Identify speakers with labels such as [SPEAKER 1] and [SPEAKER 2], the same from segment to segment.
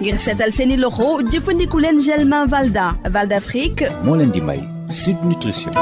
[SPEAKER 1] ngir seetal seeni loxo jëfandiku leen gel main Valda Val d'Afrique
[SPEAKER 2] moo leen di may Sud Nutrition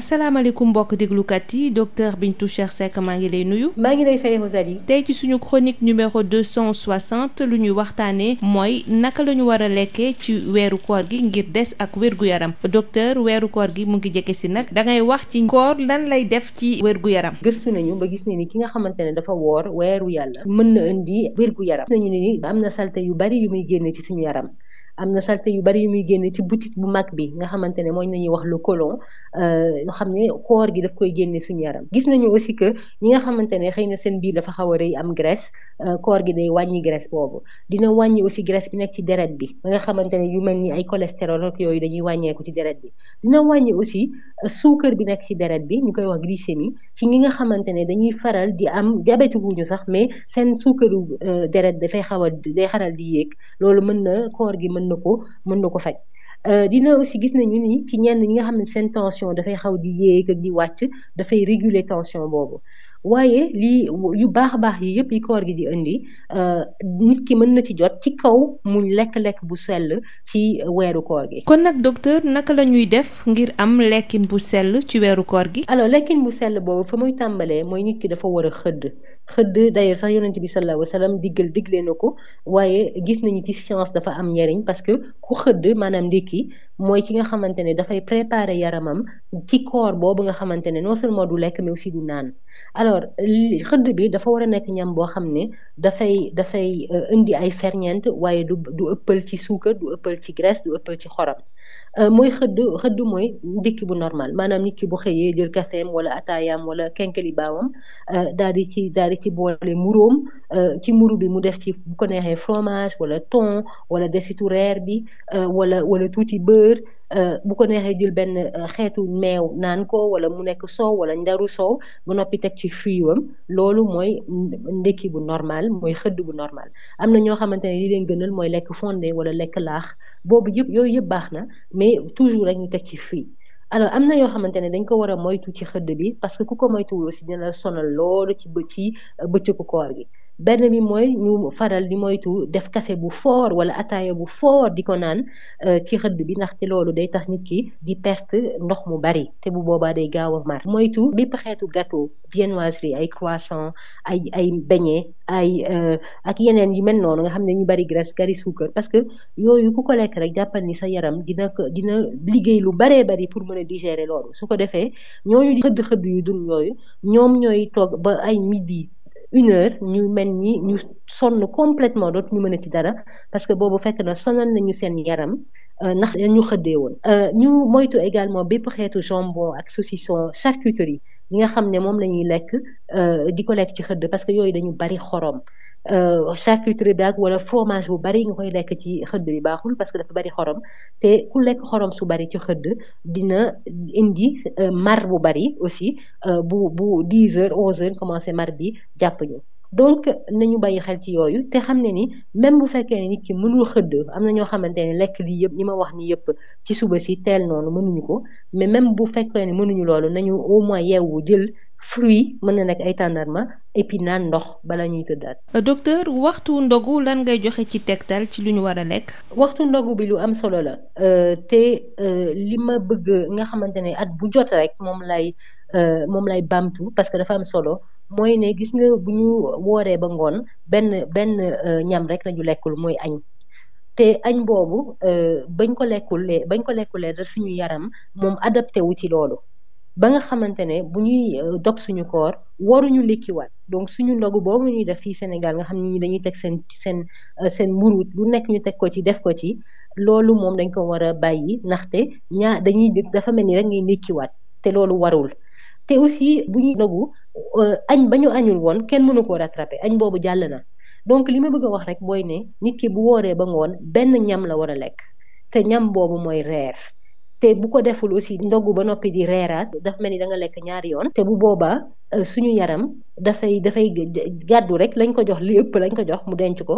[SPEAKER 1] asalaamaaleykum mbokk déglukat yi docteur Bintou Cheikh Seck maa ngi lay nuyu. maa ngi lay fay yi tey ci suñu chronique numéro 260 lu ñuy waxtaanee mooy naka la ñu war a lekkee ci weeru koor gi ngir des ak wérgu yaram docteur weeru koor gi mu ngi jege si nag da ngay wax ci koor lan lay def ci wérgu yaram. gëstu nañu ba gis ne ni ki nga
[SPEAKER 2] xamante ne dafa woor weeru yàlla mën na indi wérgu yaram. gis nañu ne ni am na salte yu bari yu muy génne ci suñu yaram. am na salte yu bari yu muy génne ci boutique bu mag bi nga xamante ne mooy nañuy wax le colon yoo euh, xam ne koor gi daf koy génne suñu yaram gis nañu aussi que ñi nga xamante ne xëy na seen biir da xaw a rëy am graisse euh, koor gi day wàññi graisse boobu dina wàññi aussi graisse bi nekk ci deret bi ba nga xamante ne yu mel ni ay cholestérol ak yooyu dañuy wàññeeku ci deret dina wàññi aussi euh, suukar bi nekk ci deret bi ñu koy wax glycémie ci ñi nga xamante ne dañuy faral di am diabète wuñu sax mais seen suukaru deret dafay xaw a day xaral di yéeg loolu mën na ko mën na ko faj euh, dina aussi gis nañu ni ci ñenn ñi nga xam ne seen tension dafay xaw di yéeg ak di wàcc dafay réguler tension boobu waaye lii yu baax a baax yi yëpp yi koor gi di indi euh, nit ki mën na ci jot ci kaw mu lekk-lekk bu sell ci weeru koor gi. kon nag docteur naka la ñuy def ngir am lekkin bu sell ci weeru koor gi. alors lekkin bu sell boobu fa muy tàmbalee mooy nit ki dafa war a xëdd xëdd d'ailleurs sax yonent bi sallallahu alayhi wasallam diggal diglee na ko waaye gis nañu ci science dafa am njariñ parce que ku xëdd maanaam ndékki mooy ki nga xamante ne dafay préparer yaramam ci koor boobu nga xamante ne non seulement du lekk mais aussi du naan alors xëdd bi dafa war a nekk ñam boo xam ne dafay dafay euh, indi ay ferñeent waaye du du ëppal ci suukar du ëppal ci graisse du ëppal ci xorom Euh, mooy xëdd xëdd mooy ndikki bu normal maanaam nit ki bu xëyee jël kafeem wala ataayaam wala kenkeli baawam euh, daal di ci daal di ci boole muróom euh, ci muru bi mu def ci bu ko fromage wala ton wala desitu reer bi wala wala tuuti beurre Euh, bu ko neexee jël benn euh, xeetu meew naan ko wala mu nekk soow wala ndaru soow ba noppi teg ci fiiwam loolu mooy ndekki bu normal mooy xëdd bu normal am na ñoo xamante ne li leen gënal mooy lekk fondé wala lekk laax boobu yëpp yooyu yëpp baax na mais toujours rek ñu teg ci fii alors am na yoo xamante ne dañ ko war a moytu ci xëdd bi parce que ku ko moytuwul aussi dina la sonal loolu ci bë ci euh, bëccëgu koor gi benn bi mooy ñu faral di moytu def café bu fort wala ataaya bu fort di ko naan euh, ci xëdd bi ndaxte loolu day tax nit ki di perte ndox mu bari te bu boobaa day gaaw a mar moytu bépp xeetu gâteau viennoiserie ay croissant ay ay beignet ay euh, ak yeneen yi mel noonu nga xam ne ñu bari graisse bari suukar parce que yooyu ku ko lekk rek jàppal ni sa yaram dina ko dina liggéey lu baree bari pour mën a digérer loolu su ko defee ñooñu xëdd xëdd yu dun yooyu ñoom ñooy toog ba ay midi une heure ñu mel ni ñu sonn complètement dootu ñu mën a ci dara parce que boobu fekk na sonal nañu seen yaram euh, ndax ñu xëddee woon euh, ñu moytu également bépp xeetu jambon ak saucisson charcuterie yi nga xam ne moom la ñuy lekk euh, di ko lekk ci xëdd parce que yooyu dañu bari xorom Euh, charcuterie bi ak wala fromage bu bari nga koy lekk ci xëdd bi baaxul parce que dafa bari xorom te ku lekk xorom su bari ci xëdd dina indi euh, mar bu bari aussi euh, bu bu 10 heures 11 heures commencé mar bi jàpp ñu. donc nañu bàyyi xel ci yooyu te xam ne ni même bu fekkee ne nit ki mënul xëdd am na ñoo xamante ne lekk lii yëpp ñi ma wax nii yëpp ci suba si teel noonu mënuñu ko mais même bu fekkee ne mënuñu loolu nañu au moins yeewu jël fruit mën na nekk ay tàndarma et
[SPEAKER 1] puis naan ndox bala ñuy tëdd at docteur waxtu ndogu lan ngay joxe ci tegtal ci lu ñu war a lekk.
[SPEAKER 2] waxtu ndogu bi lu am solo la euh, te euh, li ma bëgg nga xamante ne at bu jot rek moom lay euh, moom lay bamtu parce que dafa am solo. mooy ne gis nga bu ñu wooree ba ngoon benn benn euh, ñam rek la ñu lekkul mooy añ te añ boobu euh, bañ ko lekkulee bañ ko lekkulee da suñu yaram moom adapté wu ci loolu ba nga xamante ne bu ñuy euh, dog suñu koor waruñu lekkiwaat donc suñu ndogu boobu ñuy def fii Sénégal nga xam ni dañuy teg seen seen seen mburuut lu nekk ñu teg ko ci def ko ci loolu moom dañ ko war a bàyyi ndaxte ñaa dañuy dafa mel ni rek ngay lekkiwaat te loolu warul te aussi bu ñu nagu euh, añ ba ñu añul woon kenn mënu koo rattrapé añ boobu jàll na donc li ma bëgg a wax rek booy ne nit ki bu wooree ba ngoon benn ñam la war a lekk te ñam boobu mooy reer te bu ko deful aussi ndogu ba noppi di reeraat daf mel ni da nga lekk ñaari yoon te bu boobaa euh, suñu yaram dafay dafay gàddu rek lañ ko jox li ëpp lañ ko jox mu denc ko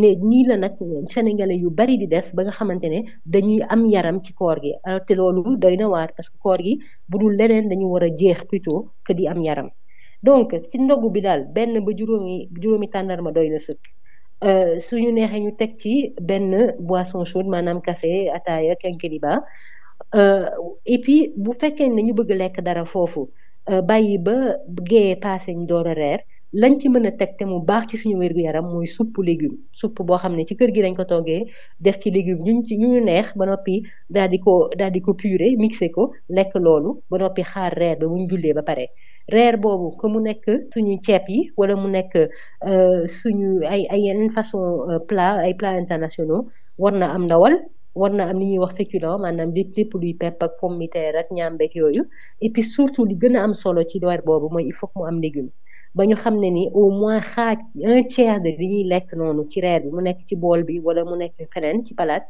[SPEAKER 2] ne nii la nag sénégalais yu bari di def ba nga xamante ne dañuy am yaram ci koor gi te loolu doy na waar parce que koor gi bu dul leneen dañu war a jeex plutôt que di am yaram donc ci ndogu bi daal benn ba juróomi juróomi tàndarma doy na sëkk euh, suñu neexee ñu teg ci benn boisson chaude maanaam café ataaya kenkeliba Euh, et puis bu fekkee ne ñu bëgg lekk dara foofu euh, bàyyi ba géeyee paase ñu door a reer lañ ci mën a teg te mu baax ci suñu wér-gu-yaram mooy supp légume supp boo xam ne ci kër gi lañ ko toggee def ci légume ñu ci ñu neex ba noppi daal di ko daal di ko purée mixé ko lekk loolu ba noppi xaar reer ba bu ñu ba pare. reer boobu que mu nekk suñu ceeb yi wala mu nekk euh, suñu ay ay yeneen façon plat ay plats internationaux war na am ndawal war na am li ñuy wax féculent maanaam lépp lépp luy pepp ak pomme de terre ak yooyu et puis surtout li gën a am solo ci weer boobu mooy il faut que am légume ba ñu xam ne ni au moins xaaj un tiers de li ñuy lekk noonu ci reer bi mu nekk ci bool bi wala mu nekk feneen ci palaat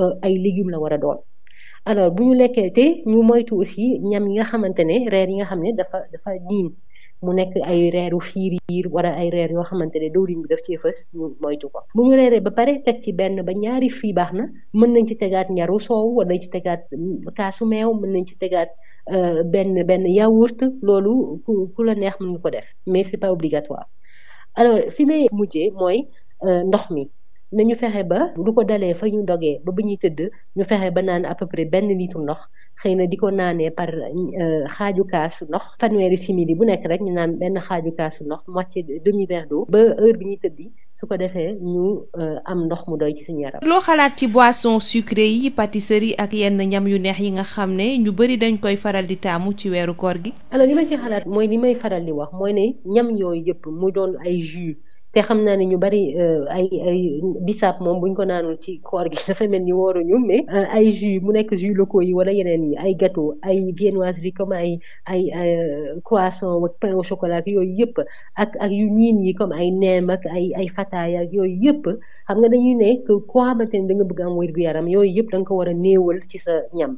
[SPEAKER 2] euh, ay légume la war a doon alors bu ñu lekkee te ñu moytu aussi ñam yi nga xamante ne reer yi nga xam ne dafa dafa niin mu nekk ay reeru fiiriir wala ay reer yoo xamante ne diwlin bi def cee fës ñu moytu ko bu ñu reeree ba pare teg ci benn ba ñaari fii baax na mën nañ ci tegaat ñaru soow wala nañ ci tegaat kaasu meew mën nañ ci tegaat euh, benn benn yaourt loolu ku ku la neex mën nga ko def mais c'est pas obligatoire alors fi may mujjee mooy euh, ndox mi na ñu fexe ba du ko dalee fa ñu dogee ba bu ñuy tëdd ñu fexe ba naan à peu près benn litre ndox xëy na di ko naanee par euh, xaaju kaasu ndox fanweeri simili bu nekk rek ñu naan benn xaaju kaasu ndox moitié demi verre d'eau ba heure bi ñuy tëddi su ko defee ñu euh, am ndox mu doy ci suñu yaram.
[SPEAKER 1] loo xalaat ci boisson sucré yi pâtisserie ak yenn ñam yu neex yi nga xam ne ñu bëri dañ koy faral di taamu ci weeru koor gi.
[SPEAKER 2] alors li ma ci xalaat mooy li may faral di wax mooy ne ñam yooyu yëpp mu doon ay jus. te xam naa ne ñu bari euh, ay ay bisaab moom buñ ko naanul ci koor gi dafa mel ni wooruñu mais euh, ay jus mu nekk jus locaux yi wala yeneen yi ay gâteau ay viennoiserie comme ay ay euh, croissant ak pain au chocolat yooyu yëpp ak ak yu ñiin yi comme ay neem ak ay ay fataay ak yooyu yëpp xam nga dañuy ne ko xamante ne da nga bëgg am wér gu yaram yooyu yëpp da nga ko war a néewal ci sa ñam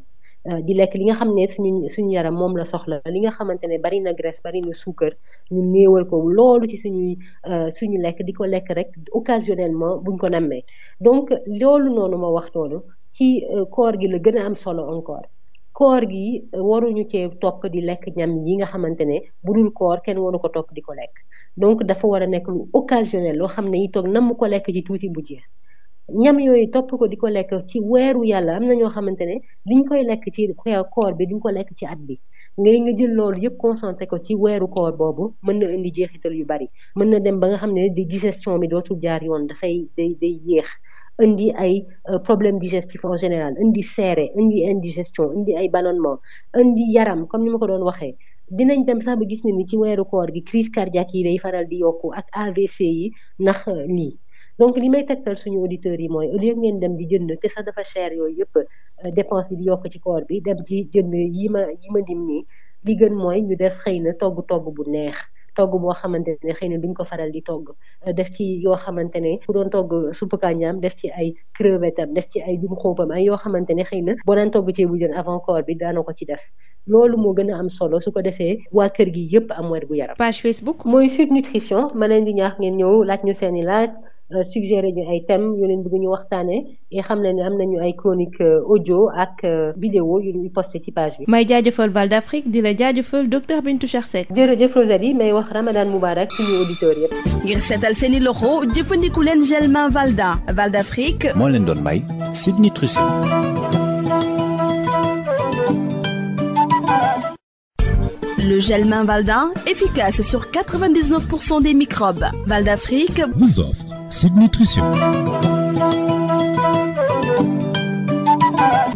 [SPEAKER 2] Euh, di lekk li nga xam ne suñu suñu yaram moom la soxla li nga xamante ne bari na graisse bari na suukar ñu néewal ko loolu ci suñuy euh, suñu lekk di ko lekk rek occasionnellement buñ ko nammee donc loolu noonu ma wax noonu ci euh, koor gi la gën a am solo encore koor gi waruñu cee topp di lekk ñam yi nga xamante ne bu dul koor kenn waru ko topp di ko lekk donc dafa war a nekk lu occasionnel loo xam ne yi toog mu ko lekk ci tuuti bu jeex ñam yooyu topp ko di ko lekk ci weeru yàlla am na ñoo xamante ne liñ koy lekk ci koor bi duñ ko lekk ci at bi ngay nga jël loolu yëpp concentré ko ci weeru koor boobu mën na indi jeexital yu bari mën na dem ba nga xam ne di digestion bi dootul jaar yoon dafay day day yéex indi ay euh, problème digestif en général indi seere indi indigestion indi ay ballonnement indi yaram comme ni ma ko doon waxee dinañ dem sax ba gis ne ni ci weeru koor gi crise cardiaque yi day faral di yokku ak AVC yi ndax lii euh, donc li may tegtal suñu auditeurs yi mooy au lieu ngeen dem di jënd te sax dafa cher yooyu yëpp euh, dépense bi di yokk ci koor bi dem ci jënd yi ma yi ma dim nii li gën mooy ñu def xëy na togg togg bu neex togg boo xamante ne xëy na duñ ko faral di togg euh, def ci yoo xamante ne ku doon togg suppu kànjaam def ci ay crevette am def ci ay jum xuupam ay yoo xamante ne xëy na boo daan togg ceebu jën avant corps bi daana ko ci def loolu moo gën a am solo su ko defee waa kër gi yëpp am wér gu yaram. page Facebook. mooy Sud Nutrition ma leen di ñaax ngeen ñëw laaj ñu seeni laaj. Euh, suggéré ñu ay thèmes yoo leen bëgg ñu waxtaanee et xam ne am nañu ay chronique euh, audio ak euh, vidéo yu ñuy posté ci page bi. may
[SPEAKER 1] jaajëfal Val d'Afrique di la jaajëfal docteur Bintou Cheikh Seck. jërëjëf Rosalie may wax Ramadan Moubarak suñu auditeurs yëpp. ngir seetal seen i loxo jëfandiku leen gel main Valda Val d'Afrique. moo leen
[SPEAKER 2] doon may Sud Nutrition.
[SPEAKER 1] Le gel main Valdin, efficace sur 99% des microbes. Val d'Afrique vous offre cette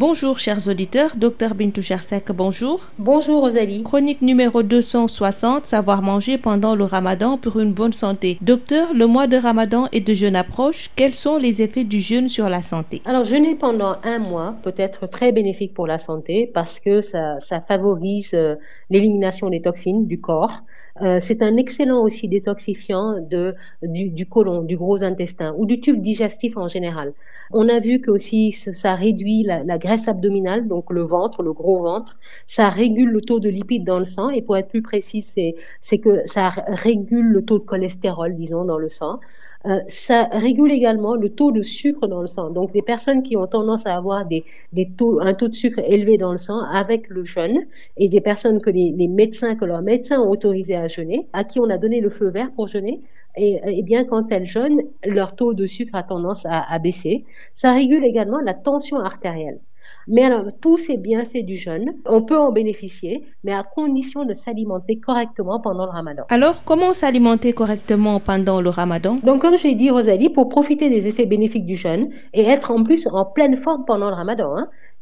[SPEAKER 1] Bonjour chers auditeurs, docteur Bintou Chersek, bonjour. Bonjour Rosalie. Chronique numéro 260, savoir manger pendant le ramadan pour une bonne santé. Docteur, le mois de ramadan et de jeûne approche, quels sont les effets du jeûne sur la santé
[SPEAKER 2] Alors pendant un mois peut être très bénéfique pour la santé parce que ça, ça favorise euh, l'élimination des toxines du corps, Euh, c'est un excellent aussi détoxifiant de, du, du, côlon, du gros intestin ou du tube digestif en général. On a vu que aussi ça réduit la, la graisse abdominale, donc le ventre, le gros ventre. Ça régule le taux de lipides dans le sang et pour être plus précis, c'est que ça régule le taux de cholestérol, disons, dans le sang. euh, ça régule également le taux de sucre dans le sang. Donc, des personnes qui ont tendance à avoir des, des taux, un taux de sucre élevé dans le sang avec le jeûne et des personnes que les, les médecins, que leurs médecins ont autorisé à jeûner, à qui on a donné le feu vert pour jeûner, et, et bien quand elles jeûnent, leur taux de sucre a tendance à, à baisser. Ça régule également la tension artérielle. Mais alors, tous ces bienfaits du jeûne, on peut en bénéficier, mais à condition de s'alimenter correctement pendant le ramadan.
[SPEAKER 1] Alors, comment s'alimenter correctement pendant le ramadan Donc, comme j'ai dit, Rosalie, pour profiter des effets bénéfiques du jeûne et être
[SPEAKER 2] en plus en pleine forme pendant le ramadan,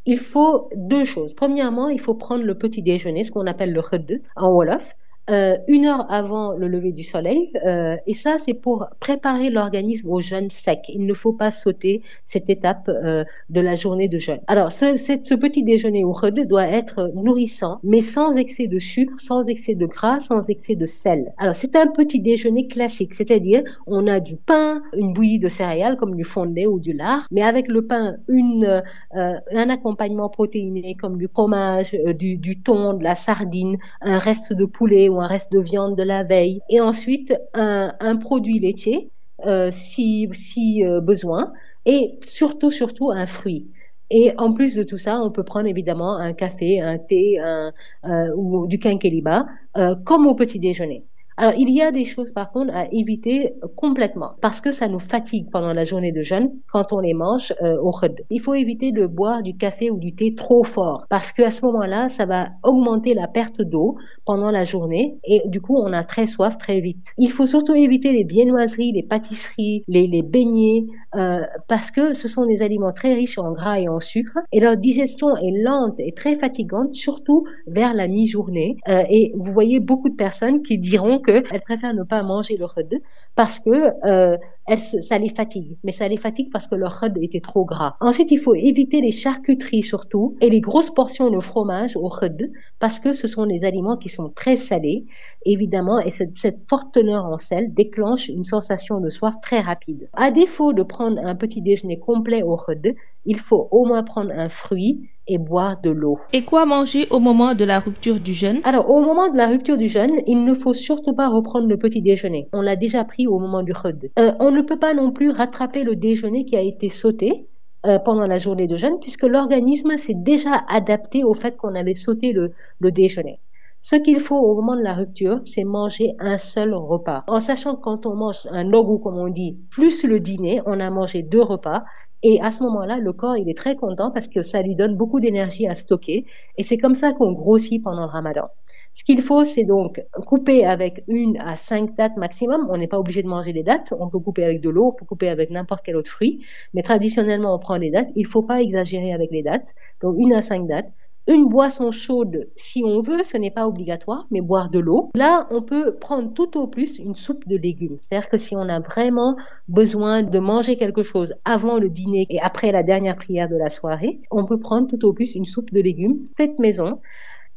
[SPEAKER 2] il faut deux choses. Premièrement, il faut prendre le petit déjeuner, ce qu'on appelle le khud en wolof. euh, une heure avant le lever du soleil. Euh, et c'est pour préparer l'organisme au jeûne sec. Il ne faut pas sauter cette étape euh, de la journée de jeûne. Alors, ce, ce petit déjeuner au repas doit être nourrissant, mais sans excès de sucre, sans excès de gras, sans excès de sel. Alors, c'est un petit déjeuner classique, c'est-à-dire on a du pain, une bouillie de céréales comme du fondé ou du lard, mais avec le pain, euh, un accompagnement protéiné comme du fromage, du, thon, de la un reste de viande de la veille, et ensuite un, un produit laitier euh, si, si euh, besoin, et surtout, surtout un fruit. Et en plus de tout ça, on peut prendre évidemment un café, un thé un, euh, ou du quinqueliba euh, comme au petit déjeuner. Alors, il y a des choses, par contre, à éviter complètement parce que ça nous fatigue pendant la journée de jeûne quand on les mange euh, au khud. Il faut éviter de boire du café ou du thé trop fort parce que à ce moment-là, ça va augmenter la perte d'eau pendant la journée et du coup, on a très soif très vite. Il faut surtout éviter les viennoiseries, les pâtisseries, les, les euh, parce que ce sont des aliments très riches en gras et en sucre et leur euh, vous voyez qu'elles préfèrent ne pas manger le khud parce que euh, elles, fatigue. Mais parce que leur khud était trop gras. Ensuite, il faut éviter les charcuteries surtout et les grosses portions de fromage au khud parce que ce sont des aliments qui sont très salés, évidemment, et cette, forte teneur en sel déclenche une sensation de soif très rapide. À défaut de prendre un petit déjeuner complet au khud, il faut au moins prendre un fruit et boire de l'eau. Et quoi manger au moment de la rupture du jeûne il ne faut surtout pas reprendre le petit déjeuner. On l'a déjà pris au moment du khud. Euh, on ne peut pas non plus rattraper le déjeuner qui a été sauté euh, pendant la journée de jeûne, puisque l'organisme s'est déjà adapté au fait qu'on allait sauter le, déjeuner. Ce qu'il faut au moment de la rupture, c'est manger un seul repas. En sachant quand on mange un nogu, comme on dit, plus le dîner, on a Et à ce moment-là, le corps, il est très content parce que ça lui donne beaucoup d'énergie à stocker. Et c'est comme ça qu'on grossit pendant le ramadan. Ce qu'il faut, c'est donc couper avec une à cinq dates maximum. On n'est pas obligé de manger des dates. On peut couper avec de l'eau, on peut couper avec n'importe quel autre fruit. Mais traditionnellement, on prend les dates. Il ne faut pas exagérer avec les dates. Donc une à cinq dates. une boisson chaude si on veut, ce n'est pas obligatoire, mais boire de l'eau. Là, on peut prendre tout au plus une soupe de légumes. C'est-à-dire que si on a vraiment besoin de manger quelque chose avant le dîner et après la dernière prière de la soirée, on peut prendre tout au plus une soupe de légumes faite maison.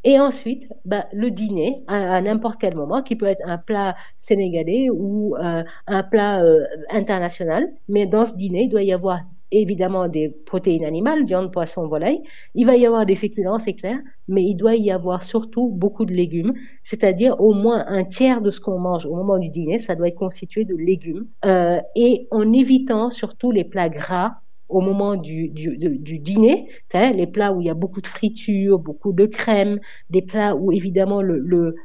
[SPEAKER 2] Et ensuite, le dîner à, n'importe quel moment, qui peut être un plat sénégalais ou euh, un plat euh, international. Mais dans ce dîner, il doit y avoir évidemment des protéines animales, viande, poisson, volaille. Il va y avoir des féculents, c'est clair, mais il doit y avoir surtout beaucoup de légumes, c'est-à-dire au moins un tiers de ce qu'on mange au moment du dîner, ça doit être constitué de légumes, euh, et en évitant surtout les plats gras au moment du, du, du dîner, les plats où il y a beaucoup de friture, beaucoup de crème, des plats où évidemment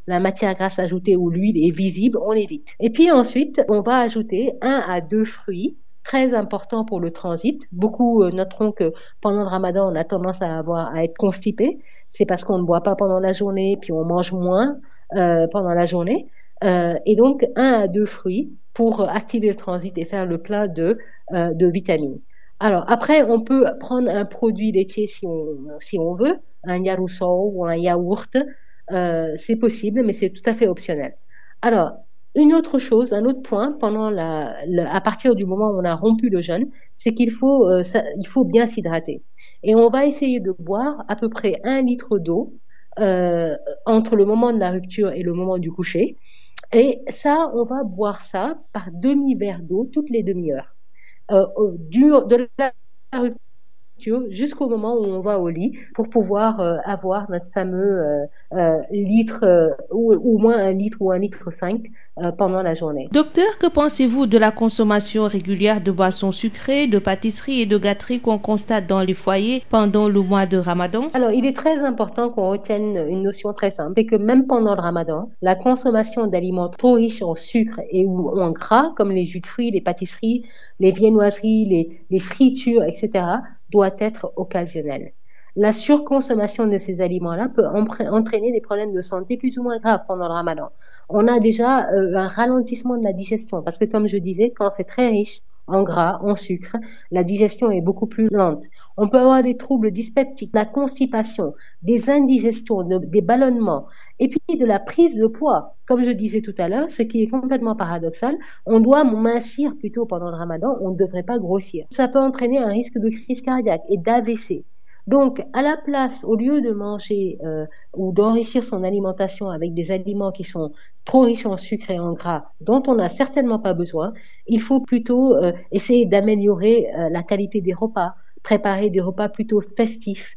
[SPEAKER 2] la matière grasse ajoutée ou l'huile est visible, on évite. à très important pour le transit. Beaucoup euh, noteront que pendant le ramadan, on a tendance à, avoir, à être constipé. C'est parce qu'on ne boit pas pendant la journée, puis on mange moins euh, pendant la journée. Euh, et donc, un à deux fruits pour activer le transit et faire le plein de, vitamines. Alors, après, on peut prendre un produit laitier si on, veut, un yarousso ou un yaourt. c'est possible, mais c'est tout à fait optionnel. Une autre chose, un autre point, pendant la, à partir du moment où on a rompu le jeûne, c'est qu'il faut, euh, il faut bien s'hydrater. Et on va essayer de boire à peu près un litre d'eau euh, entre le moment de la rupture et le moment du coucher. Et ça, on va boire ça par demi-verre d'eau toutes les demi-heures. Euh, de la facture jusqu'au moment où on va au lit pour pouvoir euh, avoir notre fameux euh, euh, litre ou un litre pendant la journée.
[SPEAKER 1] Docteur, que pensez-vous de la consommation régulière de boissons sucrées, de pâtisseries et de gâteries qu'on constate dans les foyers pendant le mois de Ramadan
[SPEAKER 2] il est très important qu'on retienne une notion très simple, c'est que même pendant le Ramadan, la consommation d'aliments trop riches en sucre et ou en gras, comme les jus de fruits, les doit être occasionnelle. La surconsommation de ces aliments-là peut entraîner des problèmes de santé plus ou moins graves pendant le ramadan. On a déjà euh, un ralentissement de la digestion parce que, comme je disais, quand c'est très riche, en gras, en sucre, la digestion est beaucoup plus lente. On peut avoir des troubles dyspeptiques, la constipation, des indigestions, des ballonnements, et puis de la prise de poids. Comme je disais tout à l'heure, ce qui est complètement paradoxal, on doit mincir plutôt pendant le ramadan, on ne devrait pas grossir. Ça peut entraîner un risque de crise cardiaque et d'AVC. Donc, à la place, au lieu de manger euh, ou d'enrichir son alimentation avec des aliments qui sont trop riches en sucre et en gras, dont on n'a certainement pas besoin, il faut plutôt euh, essayer d'améliorer euh, la qualité des repas, préparer des repas plutôt festifs,